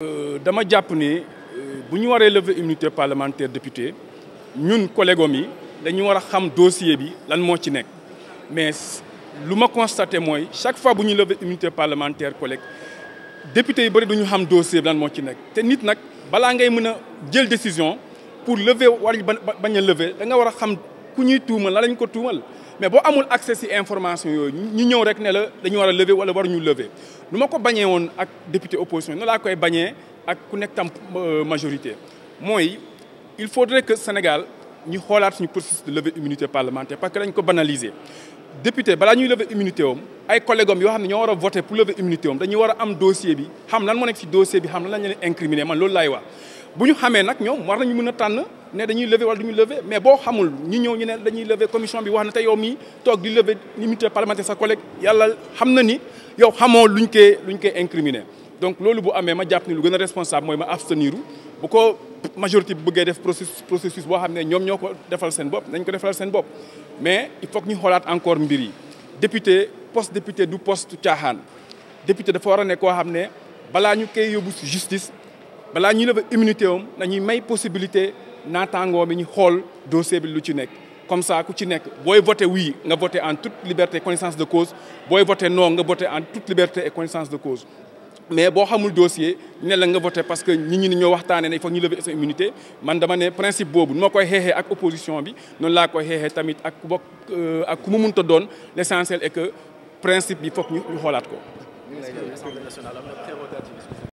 Euh, dama jàpp ne euh, bu ñu waree lever immunité parlementaire député ñun collègue am yi dañu war a xam dossier bi lan moo ci nekk mais lu ma constaté mooy chaque fois bu ñu lever immunité parlementaire collègue député yi bari du duñu xam dossier bi lan moo ci nekk te nit nag balaa ngay mën a jël décision pour lever war bañ a lever da nga war a xam ku ñuy tuumal la lañ ko tuumal mais boo amul accès ci information yooyu ñi ñëw rek ne la dañu war a lever wala waruñu lever nu ma ko bañee woon ak député opposition ne laa koy bañee ak ku nekk tam euh, majorité mooy il faudrait que Sénégal ñu xoolaat suñu processus de levée immunité parlementaire parce que dañ ko banaliser député balaa ñuy lever immunité am ay collègues am yoo xam ne ñoo war a voter pour lever immunité am dañuy war a am dossier bi xam lan moo nekk ci dossier bi xam lan lañ leen incriminé man loolu laay ñu xamee nag ñoom war nañu mën a tànn ne dañuy lever wala duñu lever mais boo xamul ñu ñëw ñu dañuy lever commission bi wax na te yow mii toog di lever l'immunité parlementaire sa collègue yàlla xam na ni yow xamoo luñ koy luñ koy incriminé. donc loolu bu amee ma jàpp ni lu gën a responsable mooy ma abstenir bu ko majorité bu bëggee def processus processus boo xam ne ñoom ñoo ko defal seen bopp nañ ko defal seen bopp mais il faut que xoolaat encore mbir yi député poste député du poste caaxaan député dafa war a ne koo xam ne balaa ñu koy yóbbu si justice balaa ñuy lever immunité am nañuy may possibilité naataangoo bi ñu xool dossier bi lu ci nekk comme saa ku ci nekk booy voté wii nga voté en toute liberté connaissance de cause booy voté non nga voté en toute liberté et connaissance de cause mais boo xamul dossier ne la nga voté parce que nit ñi ni ñoo waxtaane na il faut ñu lever sa immunité man dama ne principe boobu nu ma koy xeexee ak opposition bi noonu laa koy xeexee tamit ak ku euh, ak ku mu mënta doon l' essentiel que principe bi foog ñu xoolaat ko.